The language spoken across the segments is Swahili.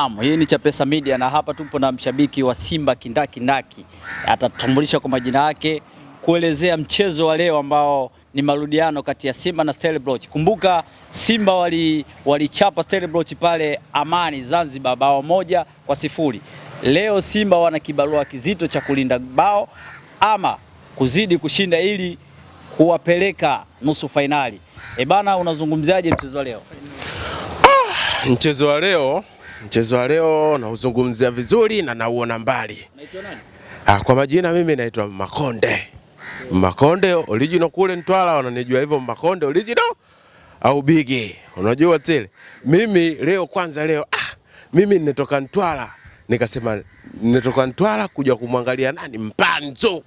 Naam, hii ni Chapesa Media na hapa tupo na mshabiki wa Simba kindakindaki, atatambulisha kwa majina yake kuelezea mchezo wa leo ambao ni marudiano kati ya Simba na Stellenbosch. Kumbuka Simba walichapa Stellenbosch pale Amani Zanzibar bao moja kwa sifuri. Leo Simba wana kibarua kizito cha kulinda bao ama kuzidi kushinda ili kuwapeleka nusu fainali. Ebana, unazungumziaje mchezo wa leo? Ah, mchezo wa leo Mchezo wa leo nauzungumzia vizuri na nauona mbali. Ah, kwa majina mimi naitwa Makonde. Makonde original kule Mtwara wananijua hivyo Makonde original au bigi. Unajua tele. Mimi leo kwanza leo ah, mimi nimetoka Mtwara. Nikasema nimetoka Mtwara kuja kumwangalia nani Mpanzu.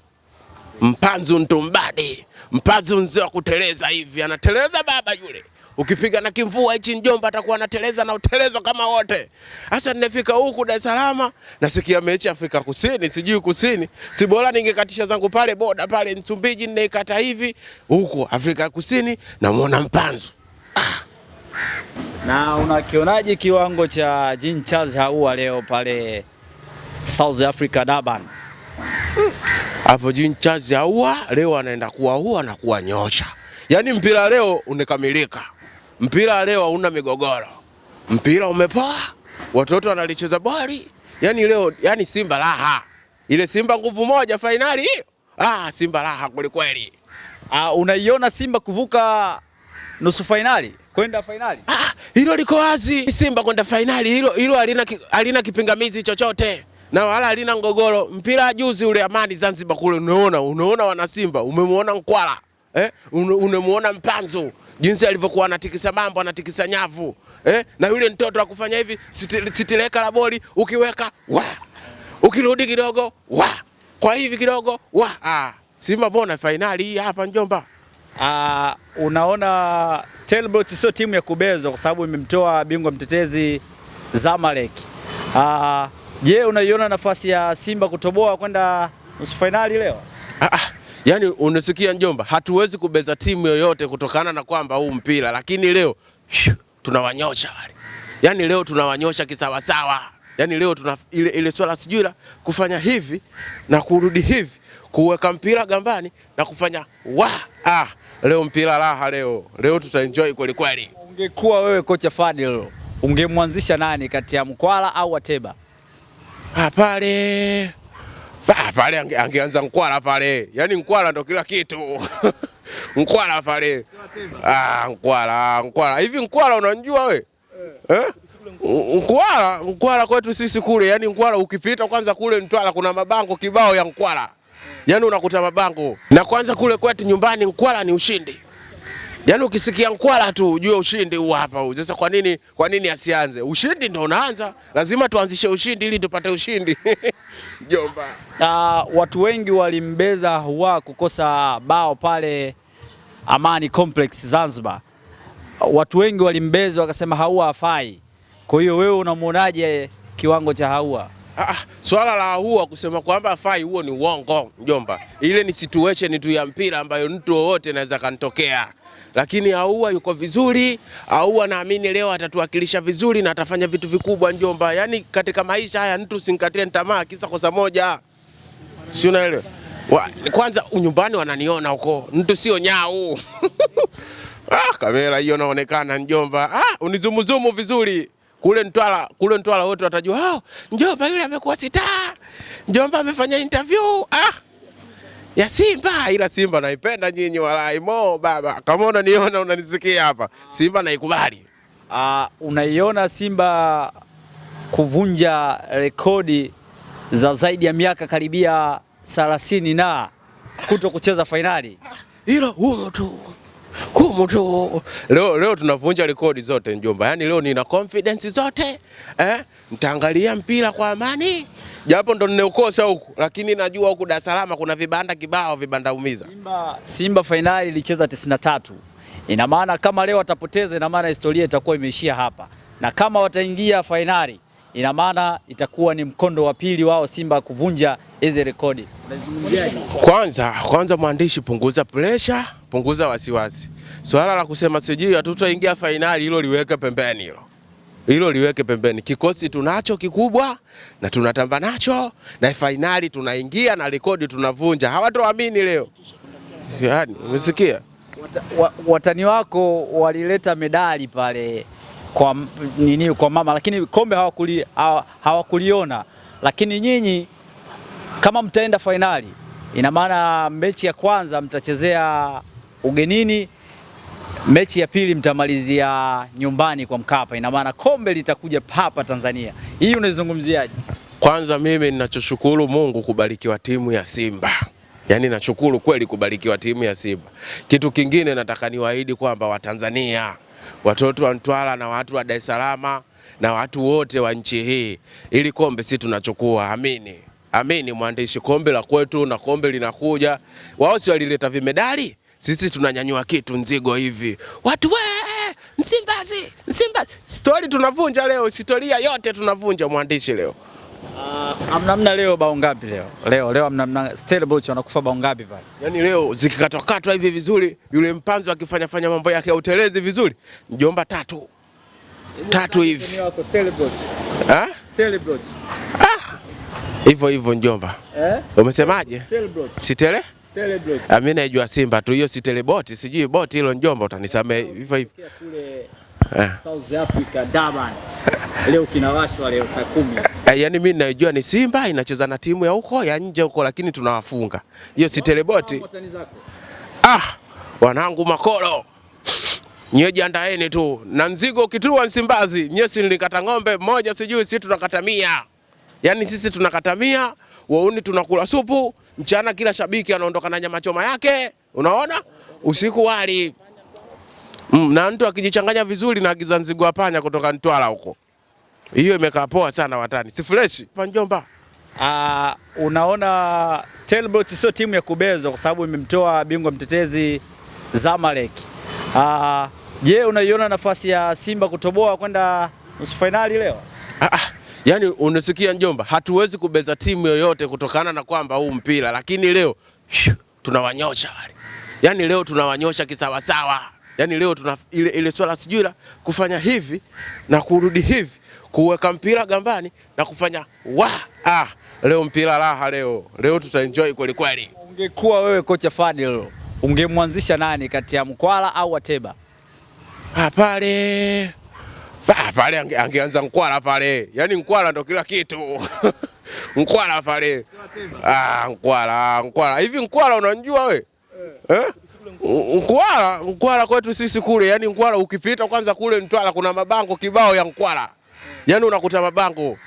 Mpanzu Ntumbadi. Mpanzu mzee wa kuteleza hivi anateleza baba yule. Ukipiga na kimvua hichi njomba atakuwa anateleza na utelezo kama wote. Sasa nimefika huku Dar es Salaam, nasikia mechi Afrika Kusini, sijui Kusini. Si bora ningekatisha zangu pale boda pale Msumbiji ninaikata hivi huku Afrika Kusini namuona Mpanzu. Ah. Na unakionaje kiwango cha Jean Charles Ahoua leo pale South Africa Durban? Hapo hmm. Jean Charles Ahoua leo anaenda kuwa kuwaua na kuwa nyosha, Yaani mpira leo unekamilika. Mpira leo hauna migogoro, mpira umepaa, watoto wanalicheza bwali. Yani leo, yani Simba raha, ile Simba nguvu moja fainali hiyo. Ah, Simba raha kwelikweli. Ah, unaiona Simba kuvuka nusu fainali kwenda fainali? Ah, hilo liko wazi, Simba kwenda fainali, hilo hilo halina halina kipingamizi chochote na wala halina ngogoro. Mpira juzi ule Amani Zanzibar kule, unaona unaona wana Simba, umemwona Mkwala eh, Unemwona Mpanzu jinsi alivyokuwa anatikisa mambo anatikisa nyavu eh? na yule mtoto akufanya hivi sitileka la boli ukiweka wa ukirudi kidogo wa kwa hivi kidogo wa ah, Simba mbona fainali hii hapa Njomba? Uh, unaona Stellenbosch sio timu ya kubezwa kwa sababu imemtoa bingwa mtetezi Zamalek. Ah, je, unaiona nafasi ya Simba kutoboa kwenda nusu fainali leo? Ah, ah. Yaani unasikia njomba, hatuwezi kubeza timu yoyote kutokana na kwamba huu mpira, lakini leo tunawanyosha wale. Yaani leo tunawanyosha kisawasawa. Yaani leo tuna ile, ile swala sijui la kufanya hivi na kurudi hivi, kuweka mpira gambani na kufanya wa ah, leo mpira raha leo. Leo tutaenjoy kweli kweli. Ungekuwa wewe kocha Fadil, ungemwanzisha nani kati ya Mkwala au Ateba? Ah, pale pale ange, angeanza Nkwala pale, yaani Nkwala ndo kila kitu Nkwala pale ah, Nkwala Nkwala hivi Nkwala unanjua we eh. eh? Nkwala Nkwala kwetu sisi kule, yaani Nkwala ukipita kwanza kule Mtwara kuna mabango kibao ya Nkwala, yaani unakuta mabango na kwanza kule kwetu nyumbani Nkwala ni ushindi Yaani ukisikia Nkwala tu ujue ushindi huu hapa huu. Sasa kwa nini kwa nini asianze? Ushindi ndio unaanza. Lazima tuanzishe ushindi ili tupate ushindi. Jomba. Na watu wengi walimbeza huwa kukosa bao pale Amani Complex Zanzibar. Watu wengi walimbeza wakasema Haua hafai. Kwa hiyo wewe unamuonaje kiwango cha Haua? Ah, ah, swala la Haua kusema kwamba hafai huo ni uongo, mjomba. Ile ni situation tu ya mpira ambayo mtu wowote anaweza kantokea lakini aua yuko vizuri. aua naamini leo atatuwakilisha vizuri na atafanya vitu vikubwa Njomba. yani katika maisha haya mtu usinkatie tamaa kisa kosa moja, si unaelewa? Kwanza nyumbani wananiona huko, mtu sio nyau Ah, kamera hiyo inaonekana Njomba. Ah, unizumuzumu vizuri kule Ntwala, kule Ntwala wote watajua, ah, Njomba yule amekuwa sita, Njomba amefanya interview ah ya Simba, ila Simba naipenda nyinyi walai mo baba. Kama unaniona unanisikia hapa, Simba naikubali. Uh, unaiona Simba kuvunja rekodi za zaidi ya miaka karibia 30 na kuto kucheza fainali. Hilo humu tu humu tu. Leo, leo tunavunja rekodi zote njumba yaani leo nina confidence zote eh? Mtaangalia mpira kwa amani japo ndo nineokosa huku, lakini najua huku Dar es Salaam kuna vibanda kibao, vibanda umiza. Simba, Simba fainali ilicheza 93 ina maana kama leo watapoteza, ina maana historia itakuwa imeishia hapa, na kama wataingia fainali, ina maana itakuwa ni mkondo wa pili wao Simba kuvunja hizi rekodi. Kwanza kwanza, mwandishi, punguza presha, punguza wasiwasi. Swala la kusema sijui hatutaingia fainali, hilo liweke pembeni hilo hilo liweke pembeni. Kikosi tunacho kikubwa na tunatamba nacho, na fainali tunaingia na rekodi tunavunja. Hawatoamini leo, Yani, umesikia? Watani wako walileta medali pale kwa nini, kwa mama, lakini kombe hawakuli, hawakuliona. Lakini nyinyi kama mtaenda fainali, ina maana mechi ya kwanza mtachezea ugenini Mechi ya pili mtamalizia nyumbani kwa Mkapa, ina maana kombe litakuja hapa Tanzania. Hii unaizungumziaje? Kwanza mimi ninachoshukuru Mungu kubarikiwa timu ya Simba, yaani nashukuru kweli kubarikiwa timu ya Simba. Kitu kingine nataka niwaahidi kwamba Watanzania, watoto wa Mtwara na watu wa Dar es Salaam na watu wote wa nchi hii, ili kombe si tunachukua, amini amini mwandishi, kombe la kwetu na kombe linakuja. Wao si walileta vimedali sisi tunanyanyua kitu nzigo hivi, watu we Msimbazi, Msimbazi, stori tunavunja leo, historia yote tunavunja. Mwandishi leo Uh, ah, amnamna leo bao ngapi leo? Leo leo amnamna Stella Boch anakufa bao ngapi pale? Yaani leo zikikatwakatwa hivi vizuri, yule mpanzo akifanya fanya mambo yake ya utelezi vizuri, Njomba tatu. Tatu hivi. Ah? Stella Boch. Ah. Hivyo hivyo njomba. Eh? Umesemaje? Stella Boch. Si mimi ah, naijua Simba tu hiyo, si teleboti, sijui boti hilo Njomba, utanisamee hivyo hivyo. Eh. South Africa Durban leo kinawashwa leo saa kumi. Eh, yaani mimi najua ni Simba inacheza na timu ya huko ya nje huko, lakini tunawafunga hiyo, si teleboti. Ah, wanangu makolo nyewe jiandaeni tu na mzigo ukitua Msimbazi, nyewe si nilikata ng'ombe moja sijui, si tunakata mia, yaani sisi tunakata mia, wauni tunakula supu Mchana kila shabiki anaondoka na nyama choma yake, unaona, usiku wali mm, na mtu akijichanganya vizuri na kizanzigua panya kutoka Mtwara huko, hiyo imekaa poa sana watani, si fresh panjomba. Uh, ah, unaona Stellenbosch sio timu ya kubezwa kwa sababu imemtoa bingwa mtetezi Zamalek. Uh, je, unaiona nafasi ya Simba kutoboa kwenda nusu fainali leo? Ah, ah. Yaani unasikia njomba, hatuwezi kubeza timu yoyote kutokana na kwamba huu mpira, lakini leo tunawanyosha wale. Yaani leo tunawanyosha kisawasawa. Yaani leo tuna ile, ile swala sijui la kufanya hivi na kurudi hivi, kuweka mpira gambani na kufanya wa ah, leo mpira raha leo. Leo tutaenjoy kweli kweli. Ungekuwa wewe kocha Fadil, ungemwanzisha nani kati ya Mkwala au Ateba? Ah, pale Pa, pale ange, angeanza Nkwala pale, yaani Nkwala ndo kila kitu Nkwala pale ah, Nkwala Nkwala hivi Nkwala unanjua we eh. eh? Nkwala Nkwala kwetu sisi kule, yaani Nkwala ukipita kwanza kule Mtwara kuna mabango kibao ya Nkwala, yaani unakuta mabango